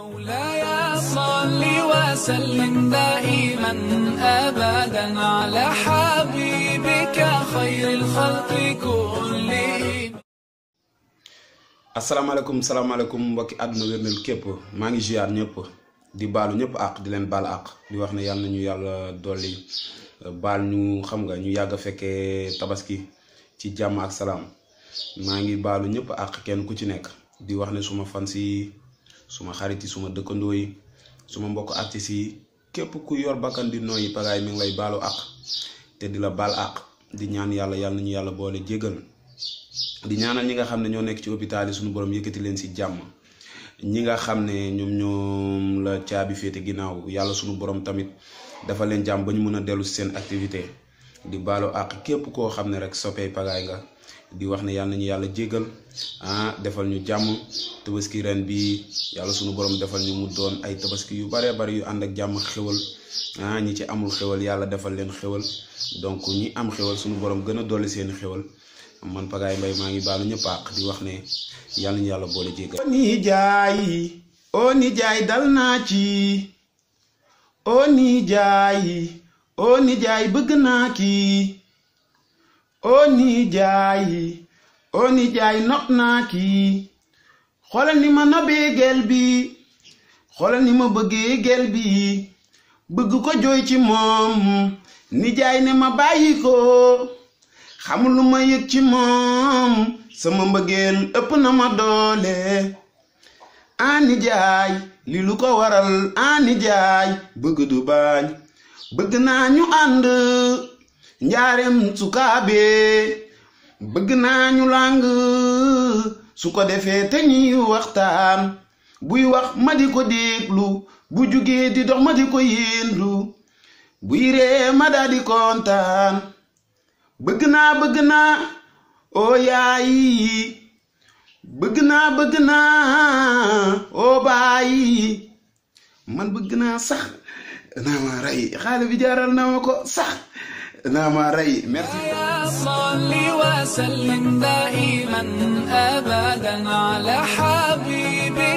مولاي صل وسلم دائما ابدا على mbokki àdduna wér képp maa ngi ziar ñëpp di baalu ñëpp àq di leen baal àq di wax ne yàlla nañu yàlla dolli baal ñu xam nga ñu yàgg a fekkee tabaski ci jàmm ak salaam maa ngi baalu ñëpp àq kenn ku ci nekk di wax ne suma fan si suma xarit yi suma dëkkandoo yi suma mbokk artistes yi képp ku yor bakkan di nooyi pagaay mi ngi lay baalu àq te di la baal àq di ñaan yàlla yàlla ñu yàlla boole jégal di ñaanal ñi nga xam ne ñoo nekk ci hôpital yi suñu borom yëkkati leen si jàmm ñi nga xam ne ñoom ñoom la caabi féete ginnaaw yàlla suñu borom tamit dafa leen jàmm ba ñu mën a dellu si seen activité di baalu àq képp koo xam ne rek soppee pagaay nga di wax ne yàlla ñu yàlla jéggal ah defal ñu jàmm tabaski ren bi yàlla sunu boroom defal ñu mu doon ay tabaski yu baree bari yu ànd ak jàmm xéwal ah, ñi ci amul xewal yàlla defal leen xéwal donc ñi am xewal sunu boroom gën a dolli seeni xewal man pagaay mbay maa ngi baalu ñëpp àq di wax ne yàlla nañu yàlla boole jéggal. o nijaay dal naa ci o nijaay oo nijaay bëgg naa ki oo nijaay oo nijaay nopp naa kii xoolal ni ma nobee gel bi xoolal ni ma bëggee gel bi bëgg ko joy ci moom nijaay ne ma bàyyi ko xamul lu ma yëg ci moom sama mbëggeel ëpp na ma doole a nijaay li lu ko waral a nijaay bëgg du bañ bëgg naa ñu ànd njaareem sukaabe bëgg naa ñu lang su ko defee te ñuy waxtaan buy wax ma di ko déglu bu jugee di dox ma di ko yéendu buy ree ma daa di kontaan bëgg naa bëgg naa oo oh yaay bëgg naa bëgg naa oo oh baay man bëgg naa sax naa ma rey xaale bi jaaral naa ma ko sax naa ma rey merci salli wa sallim daiman abadan ala habibi